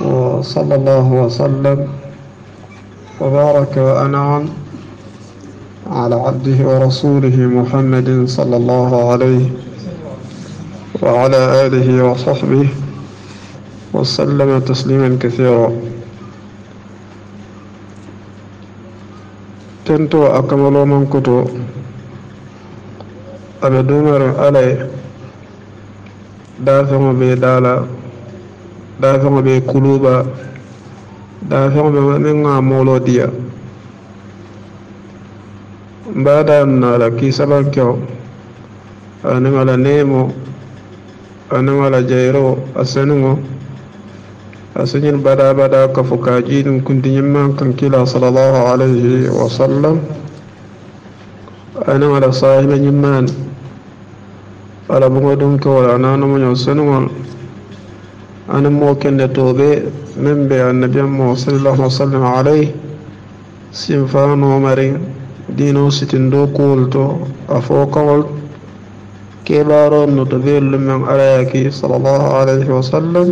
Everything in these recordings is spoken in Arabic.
وصلى الله وسلم وبارك وأنعم على عبده ورسوله محمد صلى الله عليه وعلى آله وصحبه وسلم تسليما كثيرا كنت أكمل من كتب أبدو مر علي دافع بي دالا daa fẽg be kuluba daa fẽg be me ŋa moglg dia n baa daan na la kiisaba kɛo a niŋa la neemo a niŋa la jairo a sẽniŋo a sẽn yĩn badaabada ka fo kaa giidum kundi yĩmmaan kãn kila salallahu alayhi wasallam a niŋa la saahila yĩmmaan a la bõngo dũn kɛo la a naanemo yõ sẽniŋol أنا موكن لتوبة من بي النبي صلى الله عليه وسلم عليه سنفان ومري دينو ستندو قولتو أفو قولت كبارو نتبيل لمن عليك صلى الله عليه وسلم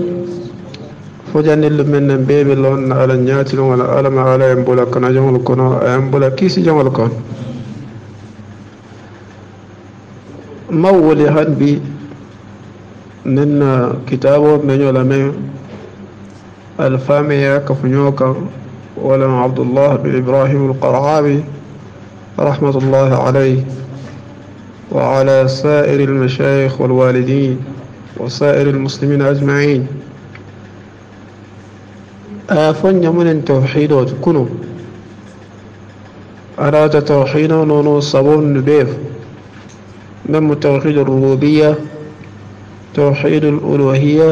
فجن لمن نبي بلون على نياتل ولا ألم على ينبولا كنا جمال كنا ينبولا كيسي جمال مولي هنبي من كتابه من علماء الفامي كفنيوكا alfaami عبد الله بن إبراهيم القرعابي رحمة الله عليه وعلى سائر المشايخ والوالدين وسائر المسلمين أجمعين آفن من التوحيد وتكونوا أراد توحيد نونو صبون بيف من توحيد الربوبية توحيد الألوهية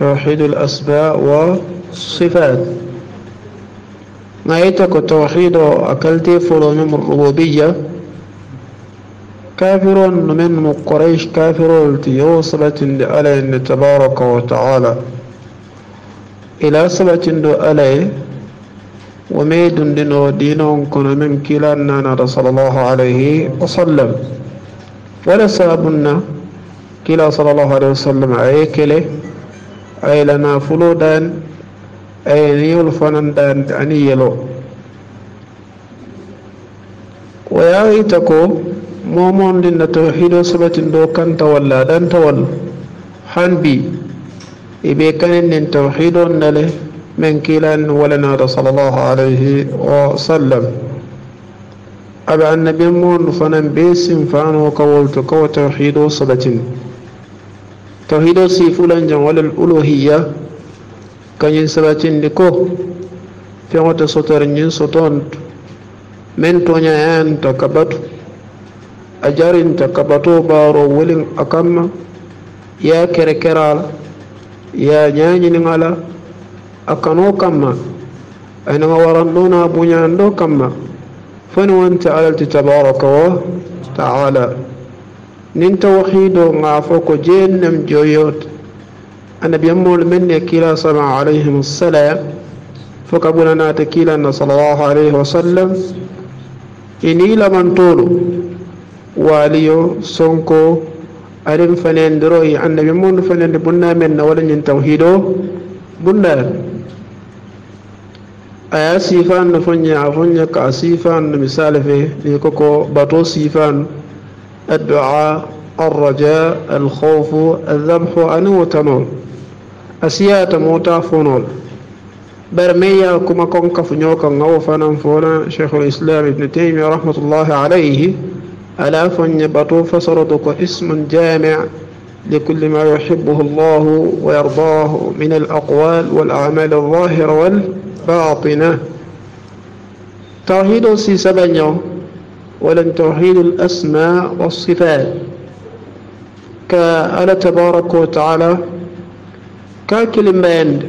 توحيد الأسماء والصفات نايتك توحيد أكلتي فلو من الربوبية كافر من قريش كافر لتيوصلت لألي تبارك وتعالى إلى سبت ألي وميد دينو دينون كن من كلا صلى الله عليه وسلم ولا سابنا كلا صلى الله عليه وسلم عيكله أي لنا فلودا أي نيول فنندان تعني يلو ويا ريتكو مومون لنا توحيد سبت دو كان تولى دان تول حنبي إبي كان دين توحيد نلي من كلا ولنا صلى الله عليه وسلم أبا النبي مون فنن بيس فانو كولت كو توحيد سبت tawhido sifulan jang walal uluhiyya kanyin sabatin diko ngote sotar nyin soton men tonya yan takabatu ajarin takabatu baro wiling akamma ya kere kerala ya nyanyi ala a kano kamma anaga warandona buñando kamma fani wanta alalti tabaraka wa taala nin tawhido ngaa fo ko jeennem joyot annabiyammol men ne kila sama alayhim salam fo kabunanaate sal sallallahu alayhi wa sallam ini lamantolu waaliyo sonko arin fanendiro e annabi mon fanende men na wala waɗañin tawhido bunnaɗan aya sifanno no a foña ka a no misale fe ni koko bato sifanno الدعاء الرجاء الخوف الذبح تنون أسيات موتا فنون برمية كما كفنوك فنيوكا غوفنا فونا شيخ الإسلام ابن تيمية رحمة الله عليه ألا فنبطو فسردك اسم جامع لكل ما يحبه الله ويرضاه من الأقوال والأعمال الظاهرة والباطنة توحيد سي سبنيو ولن توحيد الأسماء والصفات كألا تبارك وتعالى ككلمان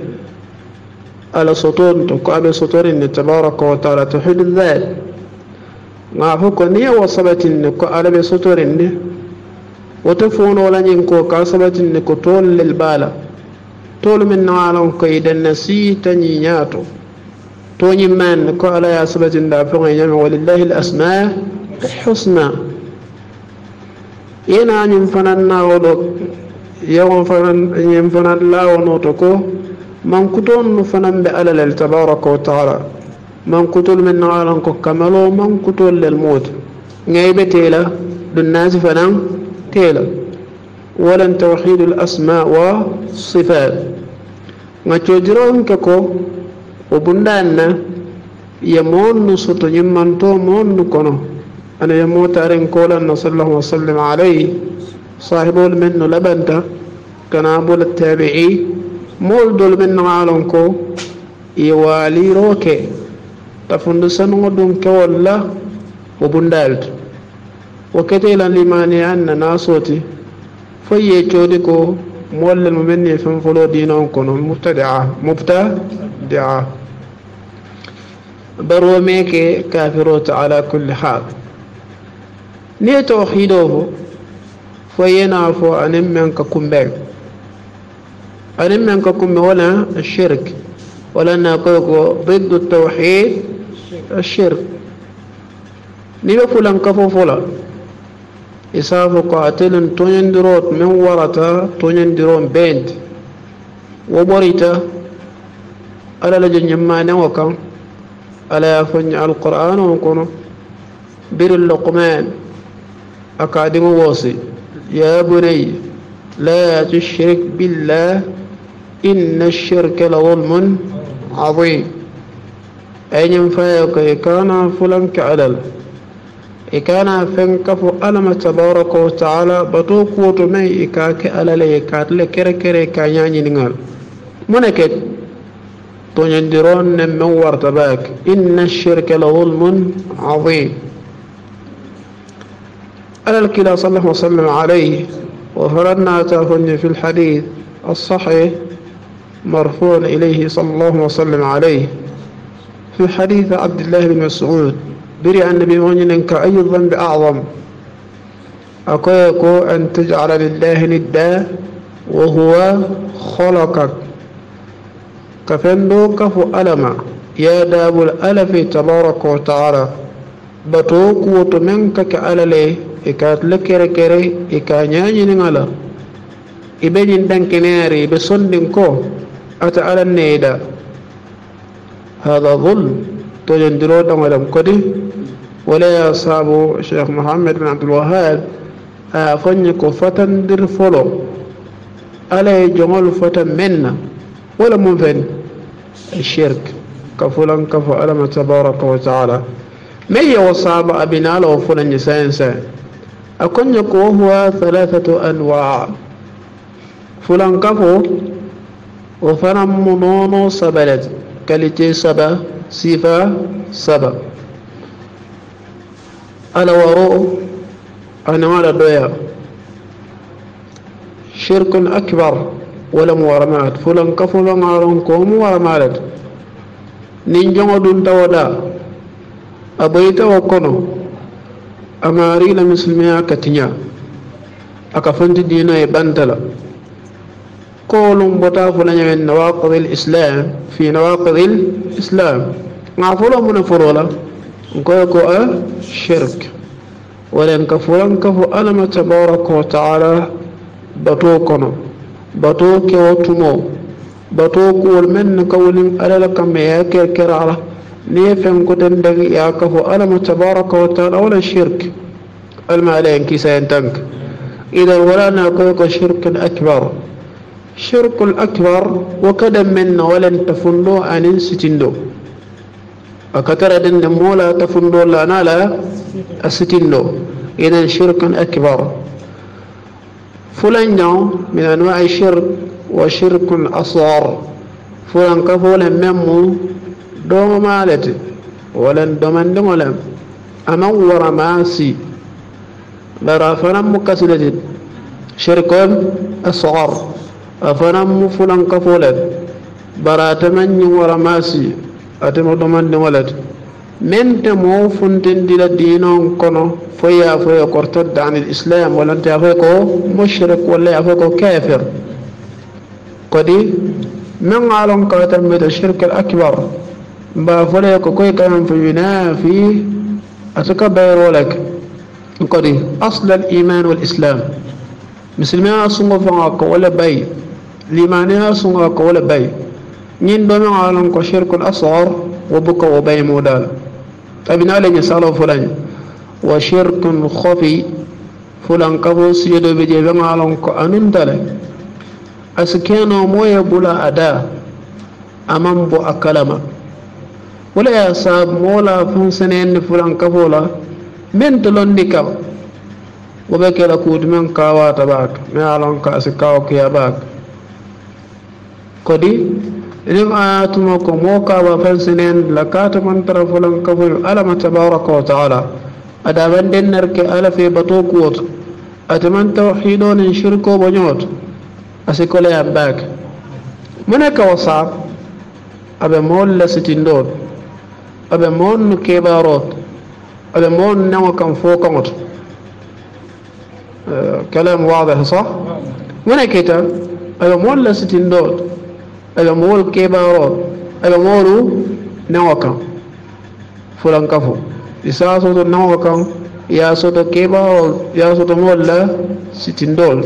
على سطور تقابل سطور تبارك وتعالى توحيد الذات ما فوق نية وصبت كألا بسطور وتفون ولا ينكو كصبت كطول للبالة طول من عالم كيد النسي تنيناتو توني من كألا يا سبت دافعين ولله الأسماء حسنا ينا ينفننا ودوك يوم فنن ينفنن لا ونوتكو من كتون نفنن بألل التبارك وتعالى من كتون من عالم كمال ومن كتون للموت نيبة تيلا للناس فنن تيلا ولن توحيد الأسماء والصفات ما تجرون ككو وبندان يمون نصوت يمنتو مون نكونو أنا يموت أرين كولا صلى الله وسلم عليه صاحب منه لبنتا كان أبو التابعي مولد منه عالنكو يوالي روكي تفند سنودن كولا وبندالت وكتيلا لماني أن ناسوتي فيه تشودكو مولى الممني فنفلو دينهم كنهم مبتدعة مبتدعة برو ميكي كافروت على كل حال ni tawhido fo fo yena fo anin men ka kumbe anin men ka kumbe wala shirk wala na ko ko ضد التوحيد الشرك ni be fulan ka fo fola isafu ko atelin toñendiroot min warata toñendiroon beente wo ɓorita ala la jo ñimmanen o kan ala ya foña alqur'an o kono biri luqman akaadimu woosi yaa bunay laa tushrik billaah inna shirka la dulmun cadiim eñen fayo ko ikana fulanke alal ikana fenka fo alama tabaraka wa taala bato kuwoto men ikake alale ikatile kere kere ka ñañiningal mune ke toñandiron nen men warta baak inna shirka la dulmun cadiim على الكلا صلى الله وسلم عليه وفرنا تافن في الحديث الصحيح مرفوع إليه صلى الله وسلم عليه في حديث عبد الله بن مسعود برئ النبي مؤمنك أي الذنب أعظم أكويك أن تجعل لله ندا وهو خلقك كفندو كفو ألما يا داب الألف تبارك وتعالى بتوك وتمنك كأللي ikatla kere kere ni ngala ibe ibeñin dankineri be sondin ko ata ala neyda hada to zulm toñondiro ɗoŋoɗom kodi wala ya sabu sheikh muhammad bin abdulwahab a foñi ko fatan dir folo ala ye fatan menna wala mum fen shirk ka fulan kafo alama tabaraka wa taala men yewo saaba abinaala fulan ni sen sen أكون الكونجك هو ثلاثة أنواع فلان كفو وفرم منونو سبلت كالتي سبا سيفا سبا على أنا أنواع الدويا شرك أكبر ولم ورمات فلانكفو لنعرنكم ورمالت نينجو دون تودا أبيت وكنو amari la misilimiya ka tiɲa a ka fanti diina ye bantala koolum bota fula ñamen nawaqid lislam fi nawaqid lislam nga fulo muna forola nkoye ko a shirk walen ka fulan ka fo alama tabaraka wa taala bato kono bato kewo tumo bato kuwol men na kawolin alala kamme ya kerkerala نيفن قدن ياكه ألم تبارك وتعالى ولا الشرك المالين كيسين تنك إذا ولا ناكوك شرك أكبر شرك الأكبر وكدم من ولن تفندو أن ستندو أكثر دن مولا تفندو لا نالا ستندو إذا شرك أكبر فلان نوع من أنواع الشرك وشرك الأصغر فلان كفولا ممو دوم مالت ولن دومن دمولم أما ورماسي لرا فنم مكسلت شركا أسعار أفنم فلان كفولت برات من ورماسي أتم دومن دمولت من تمو فنتن دل دينون كنو فيا فيا كرتد عن الإسلام ولن تأفكو مشرك ولا أفكو كافر قدي من عالم قاتل من الشرك الأكبر بافولي كوكوي كان فينافي أتكبر لك قدي أصل الإيمان والإسلام مسلمي أصنع فعاك ولا بي لماني أصنعك ولا نين دومي عالم كشرك الأصغر وبك وبي مودال أبنا لن يسأله فلان وشرك خفي فلان كبو سيدو بجيبان عالم كأنون دالك أسكينو موي بلا أدا أمام بو أكلمك wala ya saab moola fun seneenne fulan kafoola min to londi kaw wo ɓe kela kuut min kawaata ɓaak mi alon ka si kawa kuya ɓaak kodi enim ayatuma ko moo kaaba fan sinen la kaata mantara fulan kafoyo alama tabaraka wa taala ada wan dennar ke ala fe bato kuwot ata man tawhido nin shirko bo nyoto asi kole am bak mona ka wasa abe molla sitindo obe مون kebaro obe moonu nawa kan فوق موت كلام واضح صح وانا كيتا ايو مول لستين دوت ايو مول كيبارو ايو مولو نوكا فلان كفو يسا صوت نوكا يا صوت كيبارو يا صوت مول ستين دول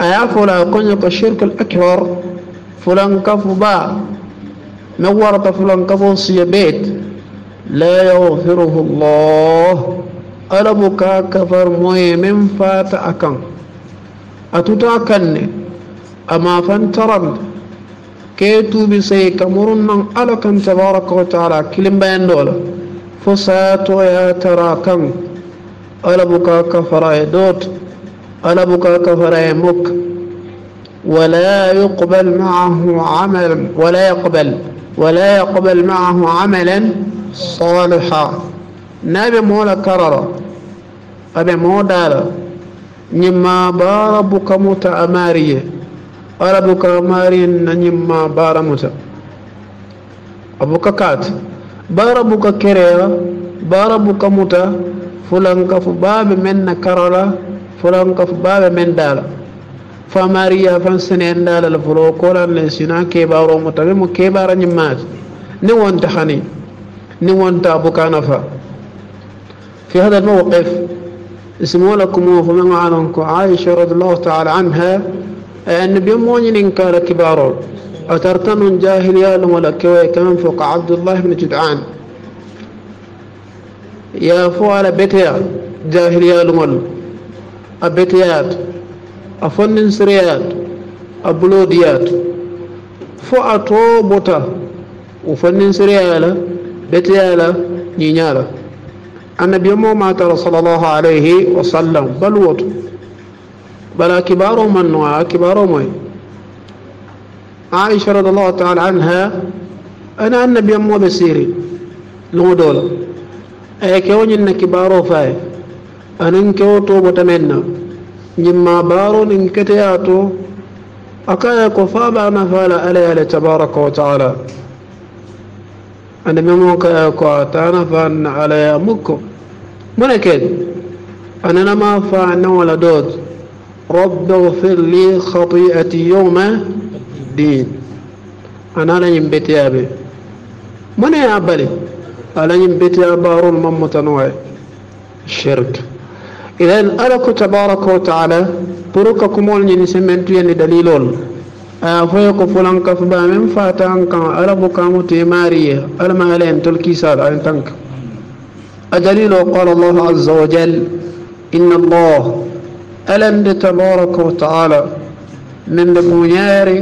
ايا فلا كنك الشرك الاكبر فلان كفو با من ورد فلان كفون بيت لا يغفره الله ألا بكا كفر مهم فات أكن كن أما فانترن كيتو بسي كمرن ألا كن تبارك وتعالى كلم بين دولة فساتو يا ألا بكا كفر دوت ألا بكا كفر مك ولا يقبل معه عمل ولا يقبل ولا يقبل معه عملا صالحا نبي مولا كرر أبي مولا نما باربك موت أماري أربك أماري نما بار موت أبوك كات باربك كريا باربك موت فلان كف باب من كرر فلان كف باب من دالا famariya fan senenda lal fulo kolan le sina kebaro mo tabe mo kebara ni mat ni wonta hani ni wonta bukana fa في هذا الموقف اسمه لكم وفما عنكم عائشة رضي الله تعالى عنها أن بيمونين إن كان كبارون أترتن جاهليا ولا كوي كمن فوق عبد الله بن جدعان يا فوال بيتيا جاهليا لمل أبيتيات أفنن سريات أبلوديات فو أتو بوتا وفنن سريالا بتيالا نينيالا النبي ما ترى صلى الله عليه وسلم بل وطو بل كبار من نوع كبار من عائشة رضي الله تعالى عنها أنا النبي ما بسيري لو دولا أي كوني إن كبار فاي أنا إن كوتو بتمنى جما بارون انكتياتو أكايا بعنا فالا علي تبارك وتعالى أنا مموك يا كواتانا فان علي مكو ملكين أنا لما فعنا ولا دوت رب اغفر لي خطيئتي يوم الدين أنا لن ينبتي أبي من يا أبلي ألا ينبتي أبارو الممتنوع متنوع الشرك إذن ألك تبارك وتعالى بروك كمول جنسمنت يلي دليلون afoye ko fulan kafba min fata an kan arabu kamu te mariye alma alayn tol kisar an tank adalilo qala allah azza wa jal inna allah alam de tabaraka wa taala min de kunyari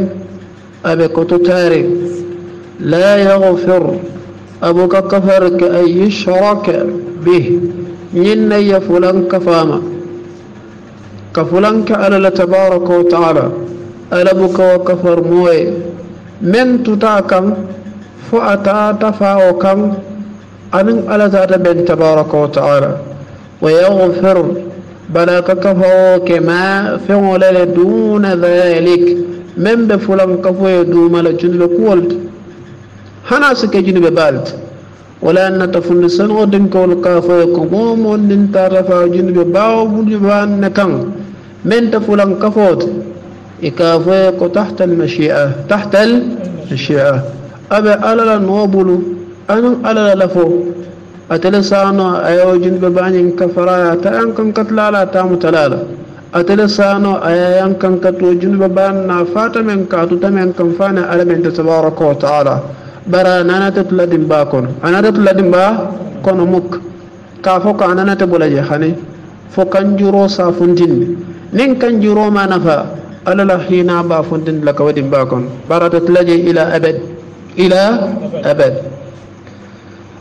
abe kotutari la yaghfir abuka kafarka ay yushraka bih يني فلان كفاما كفلان كألا تبارك وتعالى ألا بك وكفر موي من تتاكم فأتا تفاوكم أن ألا ذات من تبارك وتعالى ويغفر بلا كفوك ما فعل دون ذلك من بفلان كفو يدوم لجنب كولت هنا سكجنب بالت ولا ان تفن سن ودن كول كاف كوم ودن تعرف جن بباو بن نكان من تفلان كفوت يكاف تحت المشيئه تحت المشيئه ابا على النوبل ان على لفو اتلسان ايو جن بباني كفرا تان كن قتل تام تلالا اتلسان ايو كن كتو جن ببان فاتمن كاتو تمن كن فانا على من تبارك وتعالى bara nanata tula dimba kono anata tula dimba kono muk ka fo ko ananata bulaje hane fo kanjuro safuntinde nin kanjuro ma nafa ala la hina ba funtinde la kawa dimba kono bara ta tulaje ila abad ila abad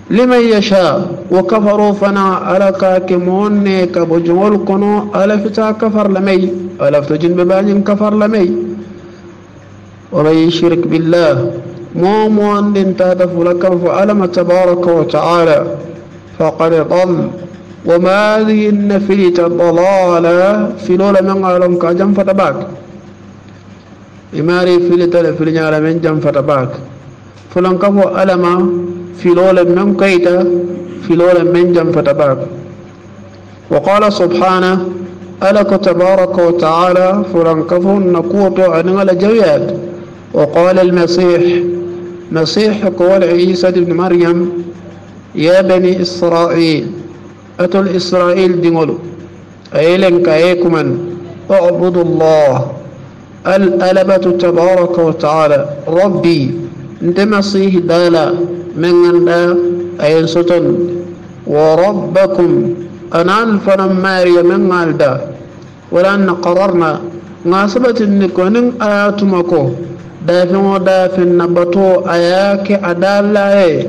liman yasha wo kafaro fana ala ka ke moon ne ka bo joŋol kono ala fita kafar lamey ala fita jinɓe kafar lamey waman yushrik billah مومو أن تهدف لك فألم تبارك وتعالى فقد ضل وما هذه النفلة الضلالة في لولا من عالم كجم فتباك إماري في لتل في لنعال من جم فتباك فلن كفو ألم في لولا من كيت في لولا من جم فتباك وقال سبحانه ألك تبارك وتعالى فلن كفو نقوط عن الجويات وقال المسيح مسيح قول عيسى بن مريم يا بني إسرائيل أتل إسرائيل دمولو أيلن كأيكمن اعبدوا الله الألبة تبارك وتعالى ربي انت مسيح دالا من أن أي ستن وربكم أنا الفن ماري من ألدا ولأن قررنا ناسبة النكون آيات مكو دافن ودافن نبطو اياك عدالة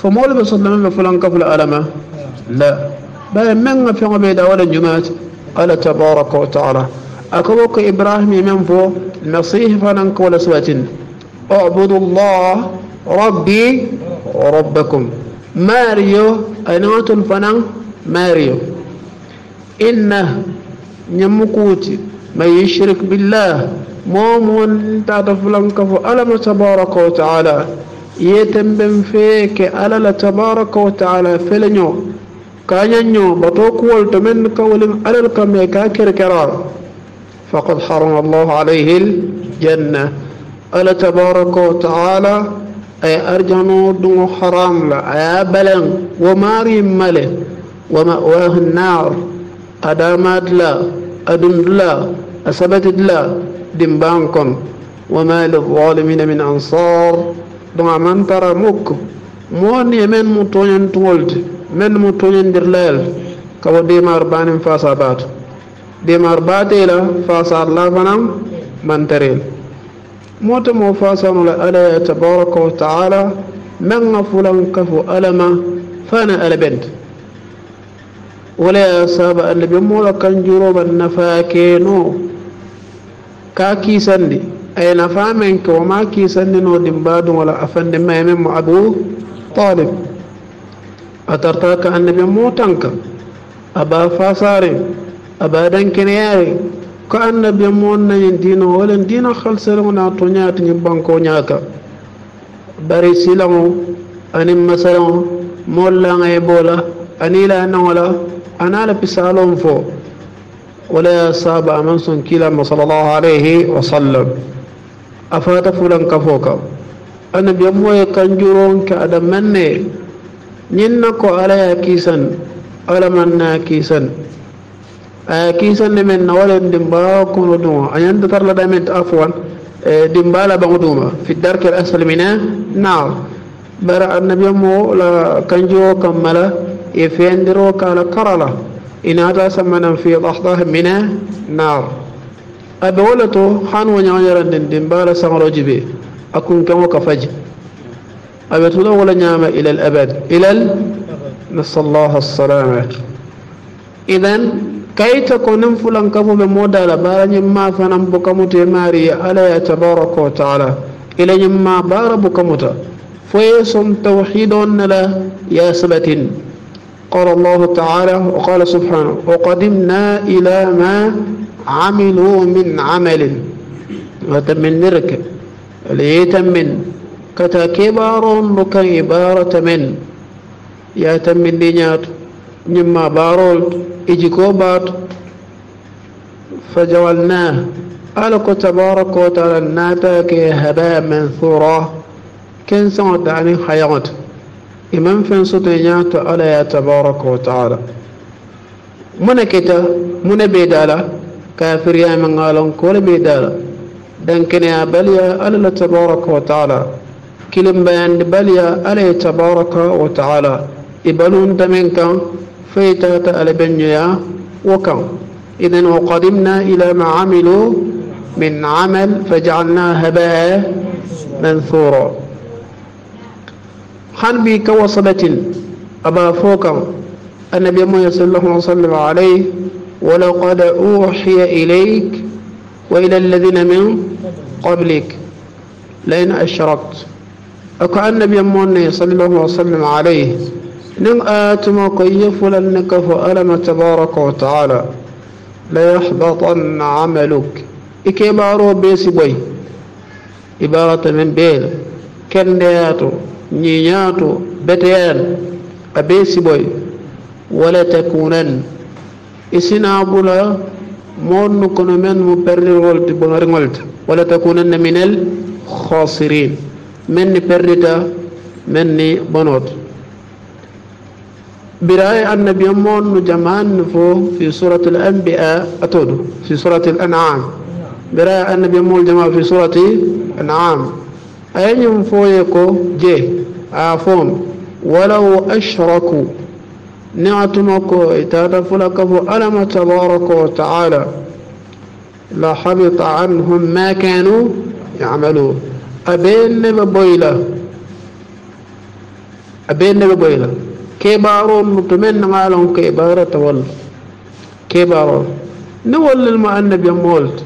فمولي بسلم بفلان كفل ألمة لا بل من في عبيد أول الجمات قال تبارك وتعالى أكبرك إبراهيم من فو المسيح فلنك ولسوة اعبدوا الله ربي وربكم ماريو أنوات الفنان ماريو إنه نمكوتي من يشرك بالله مومون تعرف لنكف ألم تبارك وتعالى يتم بن فيك ألل تبارك وتعالى فلنيو كانيو بطوك والتمن كولم ألل كميكا كركرا فقد حرم الله عليه الجنة على تبارك وتعالى أي أرجنو دون حرام لا أي بلن وماري ملك ومأواه النار أدامات لا أدن لا أثبتت لا دمبانكم وما للظالمين من أنصار دون من ترى مك مون يمن متوين تولد من متوين درلال كو ديمار بان فاسابات ديمار إلى فاسار لا فنام من تريل موت مو فاسان تبارك وتعالى من غفلا كفو ألما فانا ألبنت wala saba annabi molo kan juroban nafa keno ka kisandi ay nafa men ko ma kisandi no dimbadu wala afande memen mo abu talib atartaka annabi motanka aba fasare aba dankeneyare ko annabi mon nañen dino wala dino halsalona to ñaati ñi banko ñaaka bari silaŋo anin masalaŋo mollaŋa e bola anila naŋo la أنا لبسالهم فو ولا صاب سن كلا ما صلى الله عليه وسلم أفات فلان كفوك أنا بيبوي كنجرون كأدم مني ننكو على كيسن على من كيسن أي آه، كيسن من نوال دمبا ودوما دوما أين تتر لدامت أفوا آه، دمبا لبغدوما في الدرك الأسفل من النار نعم. برا النبي مو لا كنجو كملا يفندرو كان كرلا إن هذا سمنا في ضحضه من نار أبولتو حان ونعجر دندن دنبال سمرو جبي أكون كم وكفج أبتولا ولا نعم إلى الأبد إلى ال... نسأل الله السلامة إذن كي تكون فلان كفو من مودا لبارا ما فنم بكمت ماري على تبارك وتعالى إلى ما بار بكمت فيسم توحيدون لا يا سبتين قال الله تعالى وقال سبحانه وقدمنا إلى ما عملوا من عمل وتمن نرك ليتمن كتكبار كعبارة من يا تمن نيات نما بارول إجيكو بات فجعلناه ألك تبارك وتعالى ناتك هباء منثورا كن سعد عن خيرته iman fensotoña to ala ya tabaraka wa taala mune keta mune be dala kafiriya men ngalon ko le be dala dankene ya baliya ala la tabaraka wa taala kilim bayan baliya ala ya tabaraka wa taala ibalun tamen kan fayta ta ala benya wa kan idan wa qadimna ila ma amilu min amal faj'alna habaa منثورا hanbi kawasadatin aba fokan annabi mu sallallahu alaihi wasallam alayhi wa laqad uhiya ilayk wa ila alladhina min qablik la in ashrakt ako annabi mu sallallahu alaihi wasallam alayhi nin atuma qayyafulan nakafu alama tabaraka wa ta'ala la yahbatan amaluk ike baro besi boy ibarata min bel kende ato ñiñaato beteyan a be siboy wala takunan isina bula moon nu kono men mu perdirgolte bonorigolte wala takunanna minal khasirin men ni perdita men ni bonoto براي النبي مون جمان فو في سورة الأنبياء أتودو في سورة الأنعام براي النبي مول جماعة في سورة الأنعام أين فو يكو جيه عفوا ولو أشركوا نعتمك إتادا فلكفو ألم تبارك وتعالى لحبط عنهم ما كانوا يعملون أبين نببويلة أبين نببويلة كبارون مطمئن مالهم كبارة تول كبارون نول المؤنب يمولت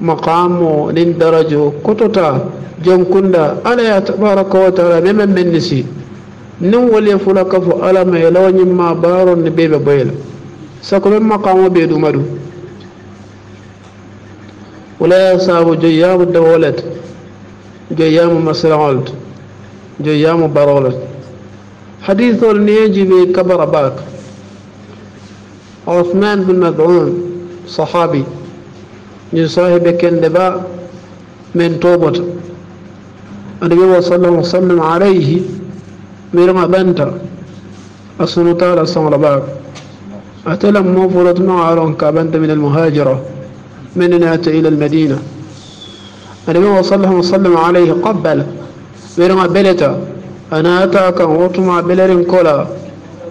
maqamu nin darajo kotota jom kunda ala ya tabaraka wa taala be men men nisi nin wale fula ka fo ala mai lawanyin ma baron ne bebe bayla sakumen maqamu be dumadu wala ya sabu joyamu dawalat joyamu masraolt joyamu barolat hadithol ne jibe kabara bak عثمان بن مدعون صحابي لصاحب كندباء من طوبة النبي صلى الله عليه وسلم عليه من بنت السلطان الصلاة الله عليه أتلم مفرد معارون كبنت من المهاجرة من نات إلى المدينة النبي صلى الله عليه وسلم عليه قبل من بلتا أنا أتاك وطمع بلر كلا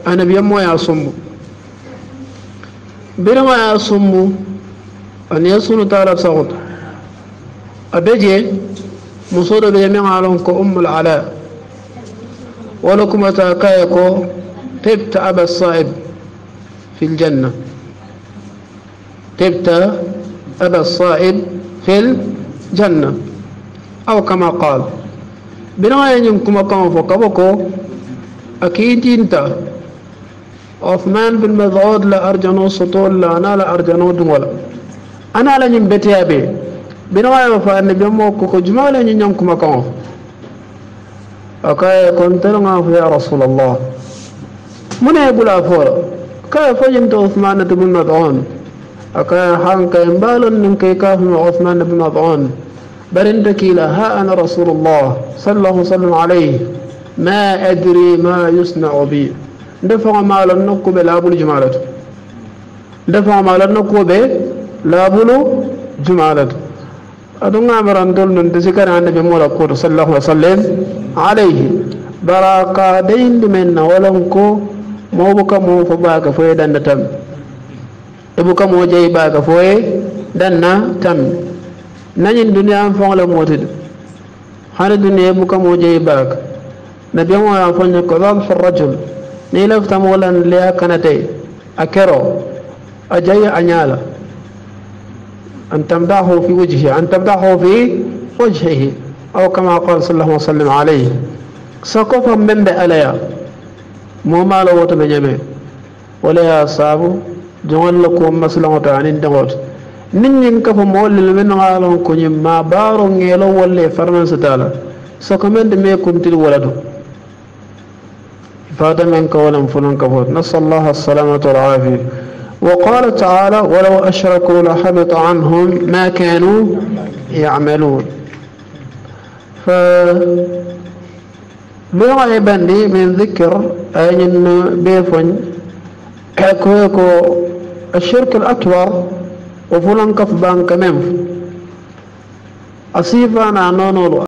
أنا بيمو يا صمو بلما يا صمو an yasulu talab sagot abeje musodo be men alon ko ummul ala wala kuma ta kaya ko tibta aba sa'ib fil janna tibta aba sa'ib fil janna aw kama qal bina yanyum kuma kan fo kabako akidinta عثمان بن مذعود لا أرجنو سطول لا أنا لا أرجنو دولا ana la ñin betiya be bina waye fa annabi mo ko ko juma la ñin ñam kuma kan akaye kon telo nga fa ya rasulullah mune bula fo ka fa ñin to usman ibn mad'un akaye han kay balon nin kay ka fa usman ibn mad'un برن دكيلا ها أنا رسول الله صلى الله وسلم عليه ما أدري ما يصنع بي دفع ما لنكو بلا أبو الجمالة دفع ما لنكو به laabulu jumalat aɗum gamiran dol non de sikari annabi mola kuuto sallallahu alih wa sallam alayhi bara ka dayindi men na walon ko mawɓo kamo fo ɓaaka fo e danda tan eɓo kamo jeyi ɓaaka fo e danna tan nañin duniya an fongle mootid hani duniya eɓo kamo jeyi ɓaaka nabiamoyan foñe ko dalfo rajul ni laftamolan le a kanatay a kero a jeyi a ñaala أن تمدحه في وجهه أن تمدحه في وجهه أو كما قال صلى الله عليه وسلم عليه سقف من بأليا مو ما لو تنجمه ولا صاحب جوان لكم مسلمة عن دغوت نين كف مولي لمن عالم كني ما بارو نيلو ولي فرمان ستالا تعالى من دمي كنت الولد فاتا من كولم فلان كفوت نسأل الله السلامة والعافية وقال تعالى ولو أشركوا لحبط عنهم ما كانوا يعملون ف مرعبا لي من ذكر أن بيفن كويكو الشرك الأكبر وفلان كفبان بان كمين أصيفا نانونو